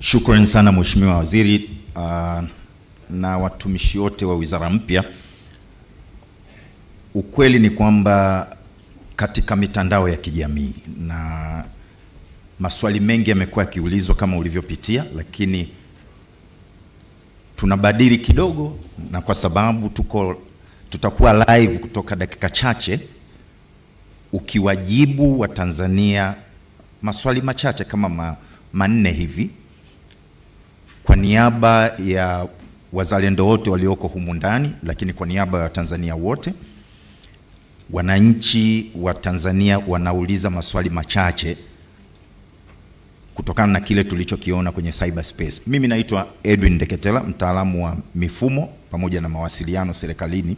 Shukrani sana Mheshimiwa Waziri uh, na watumishi wote wa wizara mpya. Ukweli ni kwamba katika mitandao ya kijamii na maswali mengi yamekuwa yakiulizwa kama ulivyopitia, lakini tunabadili kidogo, na kwa sababu tuko tutakuwa live kutoka dakika chache, ukiwajibu Watanzania maswali machache kama ma, manne hivi kwa niaba ya wazalendo wote walioko humu ndani, lakini kwa niaba ya Watanzania wote, wananchi wa Tanzania wanauliza maswali machache kutokana na kile tulichokiona kwenye cyberspace. Mimi naitwa Edwin deketela mtaalamu wa mifumo pamoja na mawasiliano serikalini.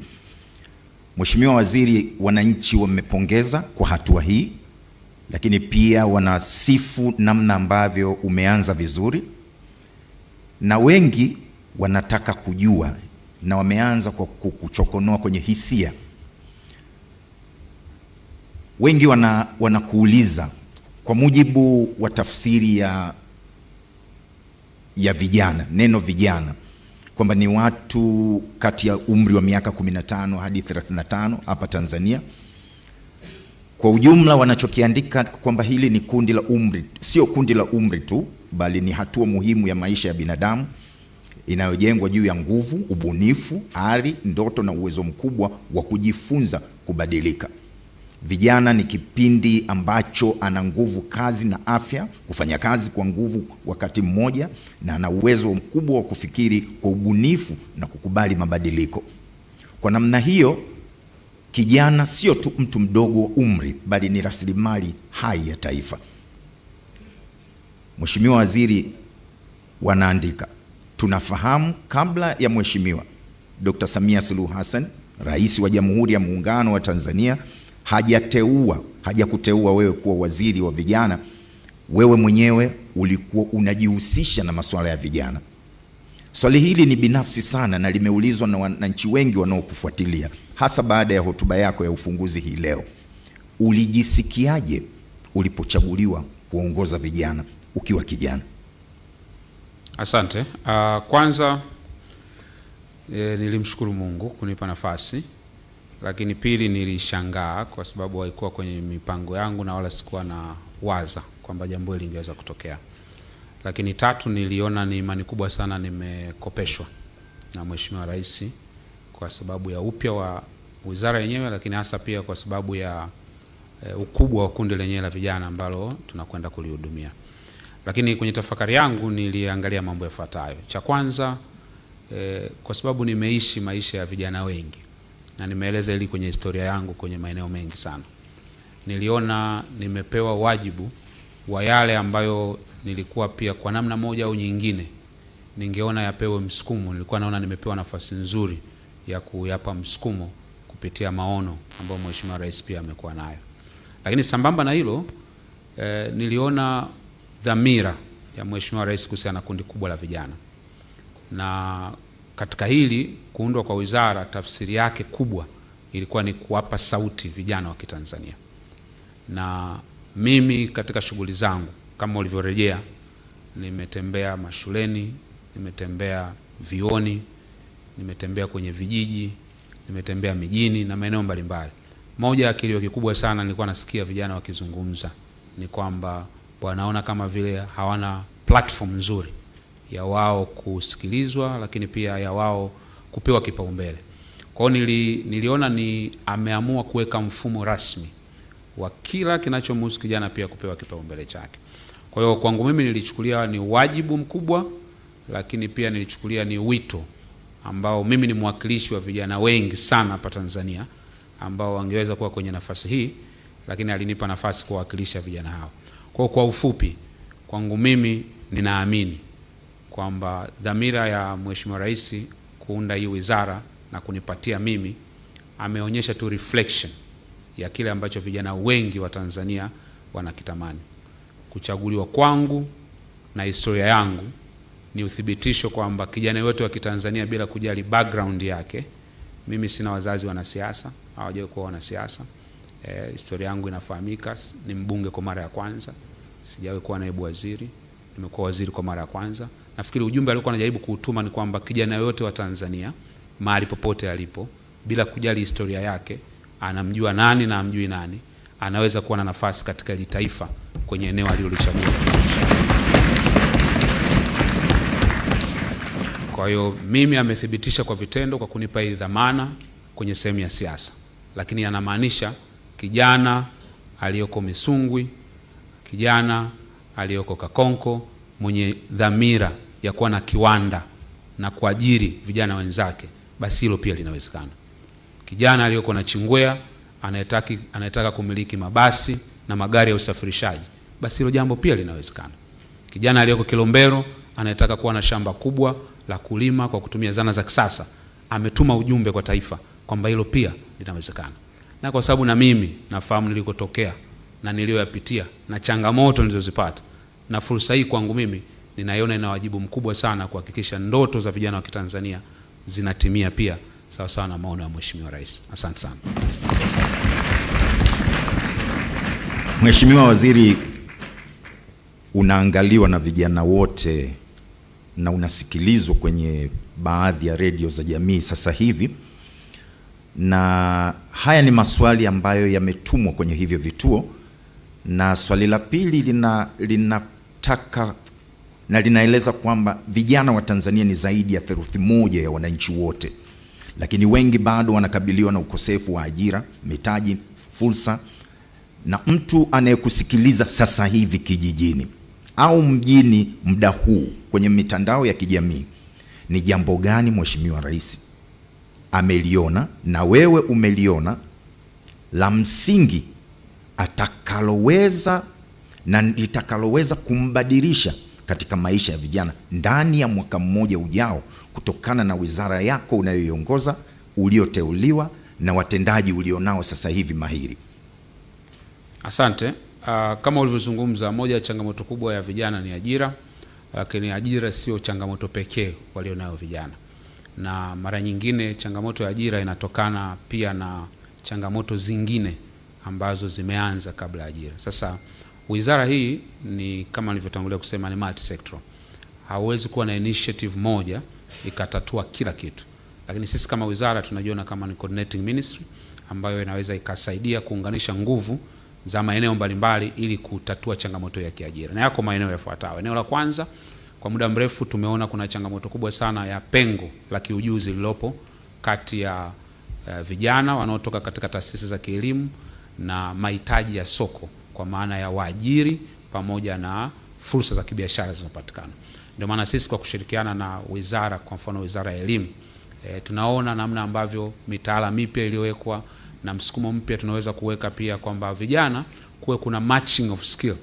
Mheshimiwa Waziri, wananchi wamepongeza kwa hatua hii, lakini pia wanasifu namna ambavyo umeanza vizuri na wengi wanataka kujua na wameanza kwa kuchokonoa kwenye hisia. Wengi wana, wanakuuliza kwa mujibu wa tafsiri ya, ya vijana neno vijana kwamba ni watu kati ya umri wa miaka 15 hadi 35 hapa Tanzania. Kwa ujumla wanachokiandika kwamba hili ni kundi la umri, sio kundi la umri tu, bali ni hatua muhimu ya maisha ya binadamu inayojengwa juu ya nguvu, ubunifu, ari, ndoto na uwezo mkubwa wa kujifunza kubadilika. Vijana ni kipindi ambacho ana nguvu kazi na afya, kufanya kazi kwa nguvu wakati mmoja, na ana uwezo mkubwa wa kufikiri kwa ubunifu na kukubali mabadiliko. Kwa namna hiyo Kijana sio tu mtu mdogo wa umri, bali ni rasilimali hai ya taifa. Mheshimiwa Waziri, wanaandika tunafahamu, kabla ya Mheshimiwa Dr. Samia Suluhu Hassan, Rais wa Jamhuri ya Muungano wa Tanzania, hajateua hajakuteua wewe kuwa waziri wa vijana, wewe mwenyewe ulikuwa unajihusisha na masuala ya vijana. Swali hili ni binafsi sana na limeulizwa na wananchi wengi wanaokufuatilia hasa baada ya hotuba yako ya ufunguzi hii leo. Ulijisikiaje ulipochaguliwa kuongoza vijana ukiwa kijana? Asante. Uh, kwanza e, nilimshukuru Mungu kunipa nafasi, lakini pili nilishangaa kwa sababu haikuwa kwenye mipango yangu na wala sikuwa na waza kwamba jambo hili lingeweza kutokea. Lakini tatu, niliona ni imani kubwa sana nimekopeshwa na Mheshimiwa Rais kwa sababu ya upya wa wizara yenyewe, lakini hasa pia kwa sababu ya e, ukubwa wa kundi lenyewe la vijana ambalo tunakwenda kulihudumia. Lakini kwenye tafakari yangu niliangalia mambo yafuatayo. Cha kwanza e, kwa sababu nimeishi maisha ya vijana wengi na nimeeleza hili kwenye historia yangu kwenye maeneo mengi sana, niliona nimepewa wajibu wa yale ambayo nilikuwa pia kwa namna moja au nyingine ningeona yapewe msukumo. Nilikuwa naona nimepewa nafasi nzuri ya kuyapa msukumo kupitia maono ambayo Mheshimiwa Rais pia amekuwa nayo. Lakini sambamba na hilo eh, niliona dhamira ya Mheshimiwa Rais kuhusiana na kundi kubwa la vijana, na katika hili kuundwa kwa wizara, tafsiri yake kubwa ilikuwa ni kuwapa sauti vijana wa Kitanzania, na mimi katika shughuli zangu kama ulivyorejea, nimetembea mashuleni, nimetembea vioni, nimetembea kwenye vijiji, nimetembea mijini na maeneo mbalimbali. Moja ya kilio kikubwa sana nilikuwa nasikia vijana wakizungumza ni kwamba wanaona kama vile hawana platform nzuri ya wao kusikilizwa, lakini pia ya wao kupewa kipaumbele. Kwa hiyo nili, niliona ni ameamua kuweka mfumo rasmi wa kila kinachomhusu kijana pia kupewa kipaumbele chake. Kwa hiyo kwangu mimi nilichukulia ni wajibu mkubwa, lakini pia nilichukulia ni wito ambao mimi ni mwakilishi wa vijana wengi sana hapa Tanzania ambao wangeweza kuwa kwenye nafasi hii, lakini alinipa nafasi kuwawakilisha vijana hao. Kwa kwa ufupi, kwangu mimi ninaamini kwamba dhamira ya Mheshimiwa Rais kuunda hii wizara na kunipatia mimi, ameonyesha tu reflection ya kile ambacho vijana wengi wa Tanzania wanakitamani kuchaguliwa kwangu na historia yangu ni uthibitisho kwamba kijana yote wa Kitanzania bila kujali background yake, mimi sina wazazi wanasiasa, hawajawahi kuwa wanasiasa. E, historia yangu inafahamika. Ni mbunge kwa mara ya kwanza, sijawahi kuwa naibu waziri, nimekuwa waziri kwa mara ya kwanza. Nafikiri ujumbe aliokuwa anajaribu kuutuma ni kwamba kijana yote wa Tanzania mahali popote alipo, bila kujali historia yake, anamjua nani na amjui nani, anaweza kuwa na nafasi katika hili taifa kwenye eneo alilolichagua. Kwa hiyo mimi amethibitisha kwa vitendo kwa kunipa hii dhamana kwenye sehemu ya siasa, lakini anamaanisha kijana aliyoko Misungwi, kijana aliyoko Kakonko mwenye dhamira ya kuwa na kiwanda na kuajiri vijana wenzake, basi hilo pia linawezekana. Kijana aliyoko chingwea anayetaki, anayetaka kumiliki mabasi na magari ya usafirishaji, basi hilo jambo pia linawezekana. Kijana aliyeko Kilombero anayetaka kuwa na shamba kubwa la kulima kwa kutumia zana za kisasa ametuma ujumbe kwa taifa kwamba hilo pia linawezekana. Na kwa sababu na mimi nafahamu nilikotokea na niliyoyapitia na changamoto nilizozipata, na fursa hii kwangu mimi ninaiona ina wajibu mkubwa sana kuhakikisha ndoto za vijana wa Kitanzania zinatimia pia sawasawa na maono ya Mheshimiwa Rais. Asante sana. Mheshimiwa Waziri, unaangaliwa na vijana wote na unasikilizwa kwenye baadhi ya redio za jamii sasa hivi, na haya ni maswali ambayo yametumwa kwenye hivyo vituo, na swali la pili lina linataka na linaeleza kwamba vijana wa Tanzania ni zaidi ya theluthi moja ya wananchi wote, lakini wengi bado wanakabiliwa na ukosefu wa ajira, mitaji, fursa na mtu anayekusikiliza sasa hivi kijijini au mjini muda huu kwenye mitandao ya kijamii, ni jambo gani Mheshimiwa Rais ameliona na wewe umeliona la msingi atakaloweza na litakaloweza kumbadilisha katika maisha ya vijana ndani ya mwaka mmoja ujao, kutokana na wizara yako unayoiongoza ulioteuliwa na watendaji ulionao sasa hivi mahiri. Asante. Uh, kama ulivyozungumza, moja ya changamoto kubwa ya vijana ni ajira, lakini ajira sio changamoto pekee walionayo vijana, na mara nyingine changamoto ya ajira inatokana pia na changamoto zingine ambazo zimeanza kabla ya ajira. Sasa wizara hii ni kama nilivyotangulia kusema ni multi sector, hauwezi kuwa na initiative moja ikatatua kila kitu, lakini sisi kama wizara tunajiona kama ni coordinating ministry ambayo inaweza ikasaidia kuunganisha nguvu za maeneo mbalimbali ili kutatua changamoto ya kiajira, na yako maeneo yafuatayo. Eneo la kwanza, kwa muda mrefu tumeona kuna changamoto kubwa sana ya pengo la kiujuzi lililopo kati ya uh, vijana wanaotoka katika taasisi za kielimu na mahitaji ya soko kwa maana ya waajiri pamoja na fursa za kibiashara zinazopatikana. Ndio maana sisi kwa kushirikiana na wizara, kwa mfano wizara ya elimu, e, tunaona namna ambavyo mitaala mipya iliyowekwa na msukumo mpya tunaweza kuweka pia kwamba vijana kuwe kuna matching of skill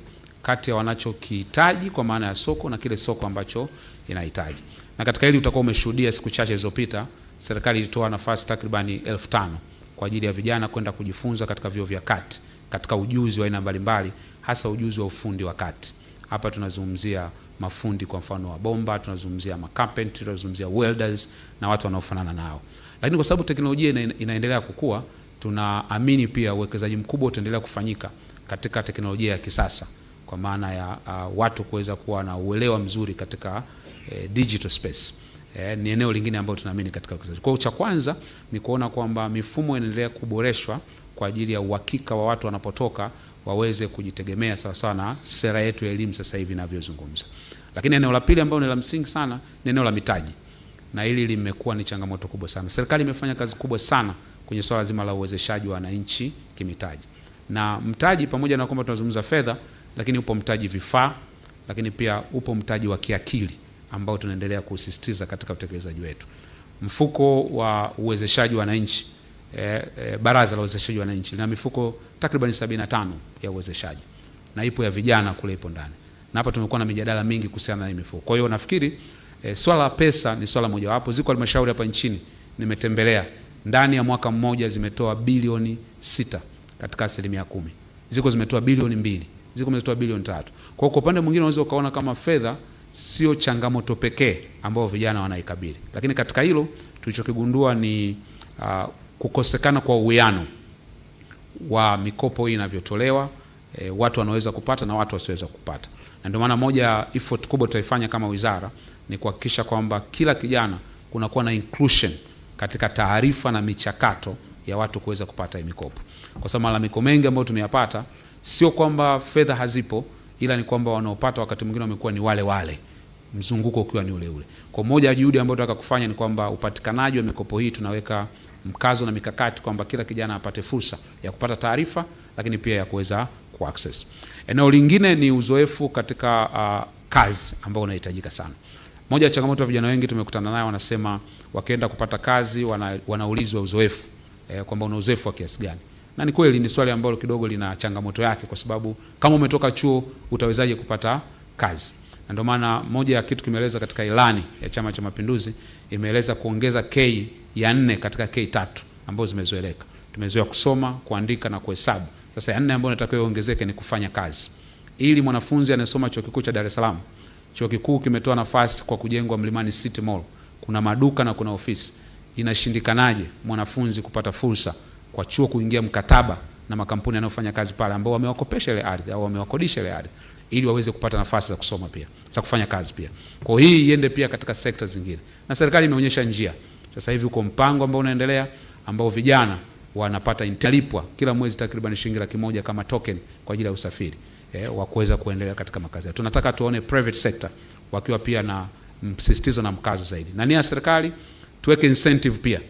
kati ya wanachokihitaji kwa maana ya soko na kile soko ambacho inahitaji. Na katika hili utakuwa umeshuhudia siku chache zilizopita serikali ilitoa nafasi takribani elfu tano kwa ajili ya vijana kwenda kujifunza katika vyuo vya kati katika ujuzi wa aina mbalimbali, hasa ujuzi wa ufundi wa kati. Hapa tunazungumzia mafundi kwa mfano wa bomba, tunazungumzia makapenti, tunazungumzia welders na watu wanaofanana nao, lakini kwa sababu teknolojia ina, inaendelea kukua tunaamini pia uwekezaji mkubwa utaendelea kufanyika katika teknolojia ya kisasa kwa maana ya uh, watu kuweza kuwa na uelewa mzuri katika eh, digital space. Eh, ni eneo lingine ambalo tunaamini katika uwekezaji. Kwa hiyo cha kwanza ni kuona kwamba mifumo inaendelea kuboreshwa kwa ajili ya uhakika wa watu wanapotoka waweze kujitegemea sawasawa na sera yetu ya elimu sasa hivi inavyozungumza. Lakini eneo la pili ambalo ni la msingi sana ni eneo la mitaji, na hili limekuwa ni changamoto kubwa sana. Serikali imefanya kazi kubwa sana kwenye swala zima la uwezeshaji wa wananchi kimitaji. Na mtaji pamoja na kwamba tunazungumza fedha, lakini upo mtaji vifaa, lakini pia upo mtaji wa kiakili ambao tunaendelea kusisitiza katika utekelezaji wetu. Mfuko wa uwezeshaji wa wananchi e, e, baraza la uwezeshaji wa wananchi lina mifuko takriban 75 ya uwezeshaji na ipo ya vijana kule ipo ndani, na hapa tumekuwa na mijadala mingi kuhusiana na mifuko. Kwa hiyo nafikiri e, swala la pesa ni swala mojawapo. Ziko halmashauri hapa nchini nimetembelea ndani ya mwaka mmoja zimetoa bilioni sita katika asilimia kumi. Ziko zimetoa bilioni mbili, ziko zimetoa bilioni tatu. Kwa hiyo kwa upande mwingine unaweza ukaona kama fedha sio changamoto pekee ambayo vijana wanaikabili, lakini katika hilo tulichokigundua ni uh, kukosekana kwa uwiano wa mikopo hii inavyotolewa, e, watu wanaweza kupata na watu wasioweza kupata, na ndio maana moja effort kubwa tutaifanya kama wizara ni kuhakikisha kwamba kila kijana kunakuwa na inclusion katika taarifa na michakato ya watu kuweza kupata mikopo, kwa sababu malalamiko mengi ambayo tumeyapata sio kwamba fedha hazipo, ila ni kwamba wanaopata wakati mwingine wamekuwa ni wale wale, mzunguko ukiwa ni ule ule. Kwa moja ya juhudi ambayo tunataka kufanya ni kwamba upatikanaji wa mikopo hii tunaweka mkazo na mikakati kwamba kila kijana apate fursa ya kupata taarifa, lakini pia ya kuweza kuaccess. Eneo lingine ni uzoefu katika uh, kazi ambao unahitajika sana. Moja ya changamoto ya vijana wengi tumekutana nayo, wanasema wakienda kupata kazi wana, wanaulizwa uzoefu e, kwamba una uzoefu wa kiasi gani, na ni kweli ni swali ambalo kidogo lina changamoto yake, kwa sababu kama umetoka chuo utawezaje kupata kazi? Na ndio maana moja ya kitu kimeeleza katika ilani ya Chama cha Mapinduzi, imeeleza kuongeza K ya nne katika K tatu ambazo zimezoeleka. Tumezoea kusoma, kuandika na kuhesabu. Sasa ya nne ambayo inatakiwa iongezeke ni kufanya kazi, ili mwanafunzi anayesoma chuo kikuu cha Dar es Salaam Chuo kikuu kimetoa nafasi kwa kujengwa Mlimani City Mall, kuna maduka na kuna ofisi. Inashindikanaje mwanafunzi kupata fursa kwa chuo kuingia mkataba na makampuni yanayofanya kazi pale ambao wamewakopesha ile ardhi au wamewakodisha ile ardhi ili waweze kupata nafasi za kusoma pia za kufanya kazi pia. Kwa hii iende pia katika sekta zingine, na serikali imeonyesha njia. Sasa hivi uko mpango ambao unaendelea ambao vijana wanapata intalipwa kila mwezi takriban shilingi laki moja kama token kwa ajili ya usafiri eh, wa kuweza kuendelea katika makazi. Tunataka tuone private sector wakiwa pia na msisitizo na mkazo zaidi, na nia ya serikali tuweke incentive pia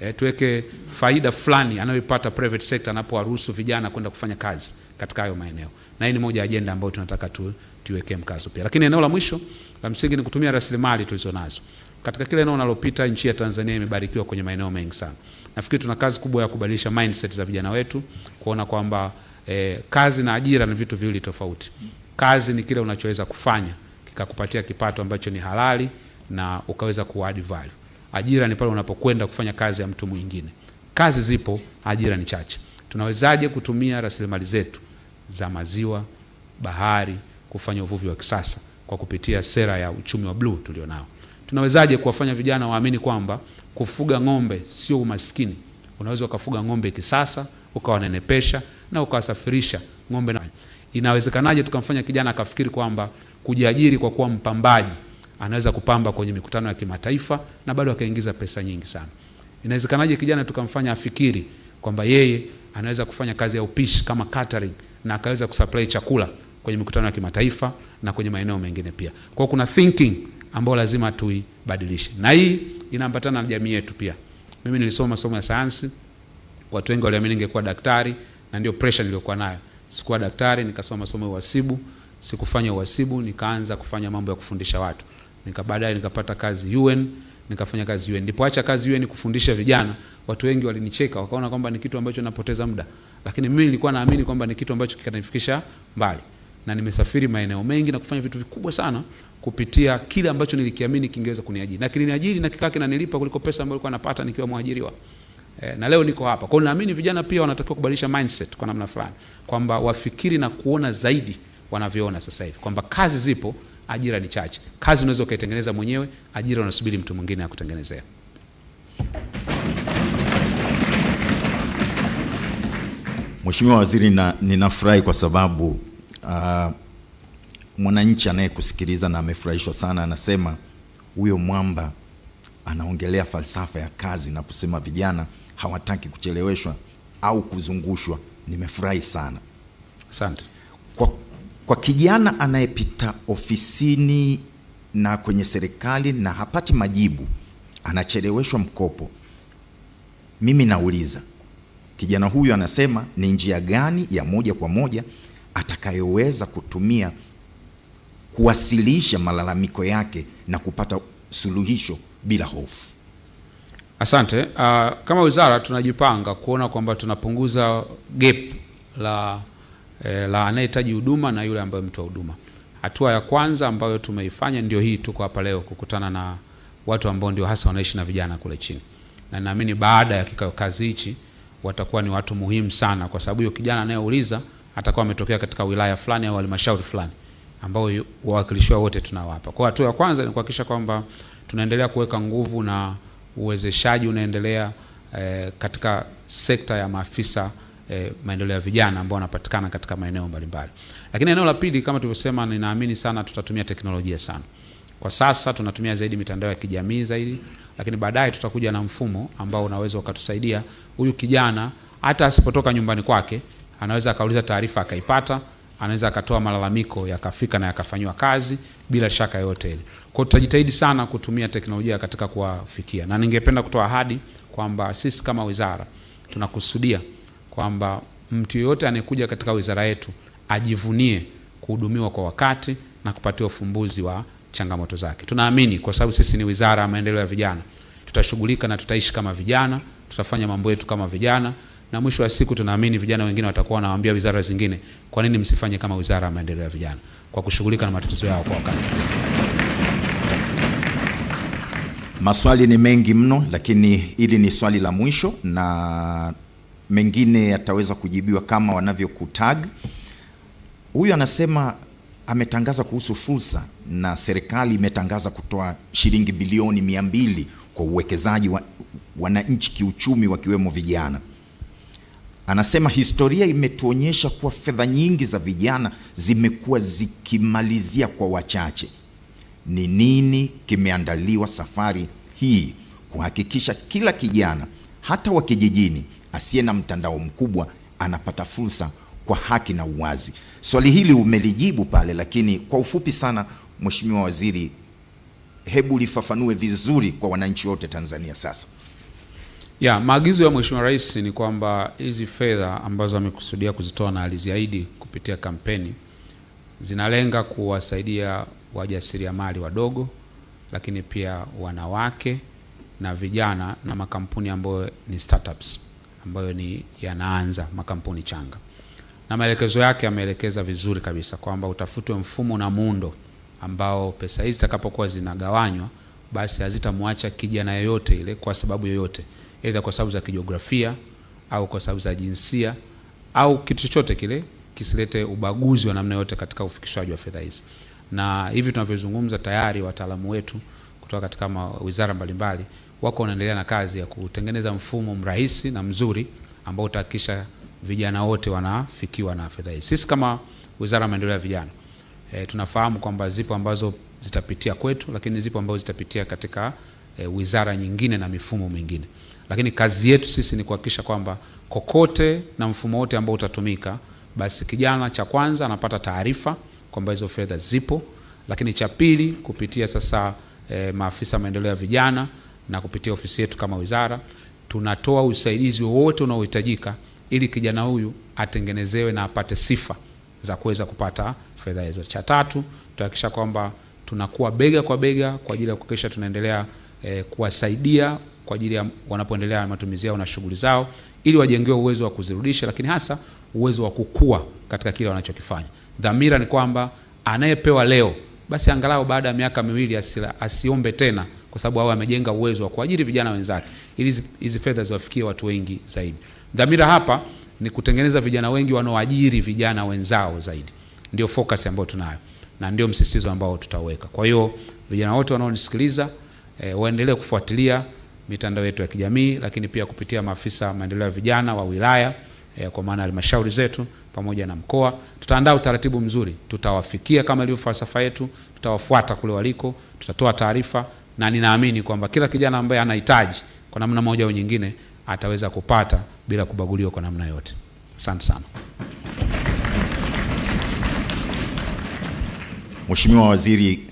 eh, tuweke faida fulani anayoipata private sector anapowaruhusu vijana kwenda kufanya kazi katika hayo maeneo, na hii ni moja ya ajenda ambayo tunataka tu, tuweke mkazo pia. Lakini eneo la mwisho la msingi ni kutumia rasilimali tulizonazo. Katika kile eneo nalopita, nchi ya Tanzania imebarikiwa kwenye maeneo mengi sana. Nafikiri tuna kazi kubwa ya kubadilisha mindset za vijana wetu, kuona kwamba eh, kazi na ajira ni vitu viwili tofauti. Kazi ni kile unachoweza kufanya kikakupatia kipato ambacho ni halali na ukaweza kuadd value. Ajira ni pale unapokwenda kufanya kazi ya mtu mwingine. Kazi zipo, ajira ni chache. Tunawezaje kutumia rasilimali zetu za maziwa, bahari kufanya uvuvi wa kisasa kwa kupitia sera ya uchumi wa bluu tulionao? Tunawezaje kuwafanya vijana waamini kwamba kufuga ng'ombe sio umaskini? Unaweza ukafuga ng'ombe kisasa ukawanenepesha na ukawasafirisha ng'ombe na... Inawezekanaje tukamfanya kijana akafikiri kwamba kujiajiri kwa kuwa mpambaji anaweza kupamba kwenye mikutano ya kimataifa na bado akaingiza pesa nyingi sana? Inawezekanaje kijana tukamfanya afikiri kwamba yeye anaweza kufanya kazi ya upishi kama catering na akaweza kusupply chakula kwenye mikutano ya kimataifa na kwenye maeneo mengine pia. Kwa kuna thinking ambayo lazima tuibadilishe, na hii inaambatana na jamii yetu pia. Mimi nilisoma masomo ya sayansi, watu wengi waliamini ningekuwa daktari na ndio pressure niliyokuwa nayo. Sikuwa daktari, nikasoma masomo ya uhasibu, sikufanya uhasibu, nikaanza kufanya mambo ya kufundisha watu. Nika baadaye nikapata kazi UN, nikafanya kazi UN. Nilipoacha kazi UN kufundisha vijana, watu wengi walinicheka, wakaona kwamba ni kitu ambacho napoteza muda. Lakini mimi nilikuwa naamini kwamba ni kitu ambacho kitanifikisha mbali. Na nimesafiri maeneo mengi na kufanya vitu vikubwa sana kupitia kile ambacho nilikiamini kingeweza kuniajiri. Na kiliniajiri na kikaa kinanilipa kuliko pesa ambayo nilikuwa napata nikiwa mwajiriwa. E, na leo niko hapa kwao. Naamini vijana pia wanatakiwa kubadilisha mindset kwa namna fulani, kwamba wafikiri na kuona zaidi wanavyoona sasa hivi, kwamba kazi zipo, ajira ni chache. Kazi unaweza ukaitengeneza mwenyewe, ajira unasubiri mtu mwingine akutengenezea. Mheshimiwa Waziri, na ninafurahi kwa sababu uh, mwananchi anayekusikiliza na amefurahishwa sana, anasema huyo mwamba anaongelea falsafa ya kazi na kusema vijana hawataki kucheleweshwa au kuzungushwa. Nimefurahi sana, asante. Kwa, kwa kijana anayepita ofisini na kwenye serikali na hapati majibu, anacheleweshwa mkopo, mimi nauliza kijana huyu anasema ni njia gani ya moja kwa moja atakayoweza kutumia kuwasilisha malalamiko yake na kupata suluhisho bila hofu? Asante. Uh, kama wizara tunajipanga kuona kwamba tunapunguza gap la, eh, la anayehitaji huduma na yule ambaye mtoa huduma. Hatua ya kwanza ambayo tumeifanya ndio hii, tuko hapa leo kukutana na watu ambao ndio hasa wanaishi na vijana kule chini, na naamini baada ya kikao kazi hichi watakuwa ni watu muhimu sana, kwa sababu huyo kijana anayeuliza atakuwa ametokea katika wilaya fulani au halmashauri fulani ambao wawakilishi wote tunawapa. Kwa hatua ya kwanza ni kuhakikisha kwamba tunaendelea kuweka nguvu na uwezeshaji unaendelea eh, katika sekta ya maafisa eh, maendeleo ya vijana ambao wanapatikana katika maeneo mbalimbali. Lakini eneo la pili kama tulivyosema, ninaamini sana tutatumia teknolojia sana. Kwa sasa tunatumia zaidi mitandao ya kijamii zaidi, lakini baadaye tutakuja na mfumo ambao unaweza ukatusaidia huyu kijana hata asipotoka nyumbani kwake anaweza akauliza taarifa akaipata anaweza akatoa malalamiko yakafika na yakafanyiwa kazi bila shaka yote ile. Kwa tutajitahidi sana kutumia teknolojia katika kuwafikia, na ningependa kutoa ahadi kwamba sisi kama wizara tunakusudia kwamba mtu yoyote anayekuja katika wizara yetu ajivunie kuhudumiwa kwa wakati na kupatiwa ufumbuzi wa changamoto zake. Tunaamini kwa sababu sisi ni wizara ya maendeleo ya vijana, tutashughulika na tutaishi kama vijana, tutafanya mambo yetu kama vijana na mwisho wa siku tunaamini vijana wengine watakuwa wanawaambia wizara zingine, kwa nini msifanye kama wizara ya maendeleo ya vijana kwa kushughulika na matatizo yao kwa wakati. Maswali ni mengi mno, lakini hili ni swali la mwisho na mengine yataweza kujibiwa kama wanavyokutag. Huyu anasema ametangaza kuhusu fursa na serikali imetangaza kutoa shilingi bilioni mia mbili kwa uwekezaji wa wananchi kiuchumi, wakiwemo vijana. Anasema historia imetuonyesha kuwa fedha nyingi za vijana zimekuwa zikimalizia kwa wachache. Ni nini kimeandaliwa safari hii kuhakikisha kila kijana, hata wa kijijini, asiye na mtandao mkubwa anapata fursa kwa haki na uwazi? Swali hili umelijibu pale, lakini kwa ufupi sana, Mheshimiwa Waziri, hebu lifafanue vizuri kwa wananchi wote Tanzania sasa. Ya, maagizo ya Mheshimiwa Rais ni kwamba hizi fedha ambazo amekusudia kuzitoa na aliziahidi kupitia kampeni zinalenga kuwasaidia wajasiriamali wadogo, lakini pia wanawake na vijana na makampuni ambayo ni startups ambayo ni yanaanza makampuni changa, na maelekezo yake yameelekeza vizuri kabisa kwamba utafutwe mfumo na muundo ambao pesa hizi zitakapokuwa zinagawanywa basi hazitamwacha kijana yoyote ile kwa sababu yoyote aidha kwa sababu za kijiografia au kwa sababu za jinsia au kitu chochote kile kisilete ubaguzi wa namna yote katika ufikishwaji wa fedha hizi. Na hivi tunavyozungumza, tayari wataalamu wetu kutoka katika wizara mbalimbali wako wanaendelea na kazi ya kutengeneza mfumo mrahisi na mzuri ambao utahakikisha vijana wote wanafikiwa na fedha hizi. Sisi kama Wizara ya Maendeleo ya Vijana e, tunafahamu kwamba zipo ambazo zitapitia kwetu, lakini zipo ambazo zitapitia katika e, wizara nyingine na mifumo mingine, lakini kazi yetu sisi ni kuhakikisha kwamba kokote na mfumo wote ambao utatumika, basi kijana cha kwanza anapata taarifa kwamba hizo fedha zipo, lakini cha pili kupitia sasa e, maafisa maendeleo ya vijana na kupitia ofisi yetu kama wizara tunatoa usaidizi wowote unaohitajika ili kijana huyu atengenezewe na apate sifa za kuweza kupata fedha hizo. Cha tatu tutahakikisha kwamba tunakuwa bega kwa bega kwa ajili ya kuhakikisha tunaendelea eh, kuwasaidia kwa ajili ya wanapoendelea na matumizi yao na shughuli zao, ili wajengewe uwezo wa kuzirudisha, lakini hasa uwezo wa kukua katika kile wanachokifanya. Dhamira ni kwamba anayepewa leo basi angalau baada ya miaka miwili asila, asiombe tena kwa sababu awe amejenga uwezo wa kuajiri vijana wenzake ili hizi fedha ziwafikie watu wengi zaidi. Dhamira hapa ni kutengeneza vijana wengi wanaoajiri vijana wenzao zaidi. Ndio focus ambayo tunayo na ndio msisitizo ambao tutaweka. Kwa hiyo vijana wote wanaonisikiliza e, waendelee kufuatilia mitandao yetu ya kijamii, lakini pia kupitia maafisa maendeleo ya vijana wa wilaya e, kwa maana halmashauri zetu pamoja na mkoa, tutaandaa utaratibu mzuri, tutawafikia kama ilivyo falsafa yetu, tutawafuata kule waliko, tutatoa taarifa, na ninaamini kwamba kila kijana ambaye anahitaji kwa namna moja au nyingine ataweza kupata bila kubaguliwa kwa namna yote. Asante sana. Mheshimiwa Waziri,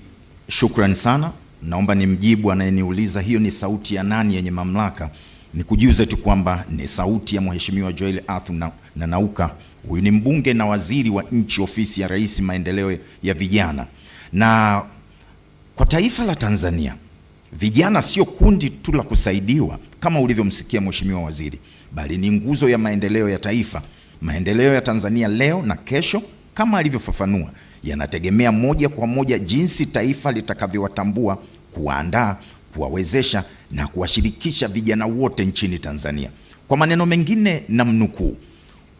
shukrani sana naomba nimjibu anayeniuliza hiyo ni sauti ya nani yenye mamlaka. Nikujuze tu kwamba ni sauti ya Mheshimiwa Joel Arthur na, na Nauka. Huyu ni mbunge na waziri wa nchi ofisi ya Rais maendeleo ya vijana, na kwa taifa la Tanzania vijana sio kundi tu la kusaidiwa kama ulivyomsikia mheshimiwa waziri, bali ni nguzo ya maendeleo ya taifa, maendeleo ya Tanzania leo na kesho, kama alivyofafanua yanategemea moja kwa moja jinsi taifa litakavyowatambua, kuwaandaa, kuwawezesha na kuwashirikisha vijana wote nchini Tanzania. Kwa maneno mengine na mnukuu,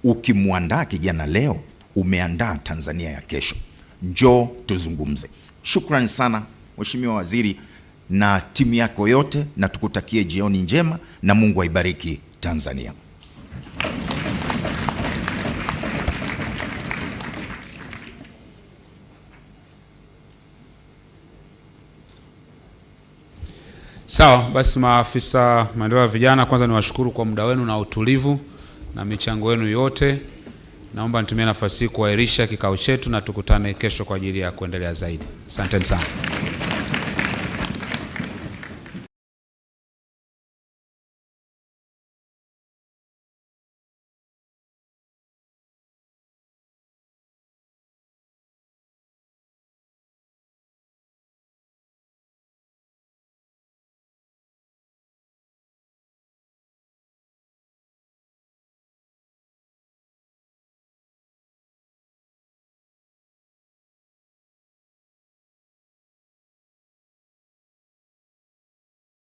ukimwandaa kijana leo umeandaa Tanzania ya kesho. Njoo tuzungumze. Shukrani sana Mheshimiwa Waziri na timu yako yote, na tukutakie jioni njema na Mungu aibariki Tanzania. Sawa basi, maafisa maendeleo ya vijana, kwanza niwashukuru kwa muda wenu na utulivu na michango yenu yote. Naomba nitumie nafasi hii kuahirisha kikao chetu na tukutane kesho kwa ajili ya kuendelea zaidi. Asanteni sana.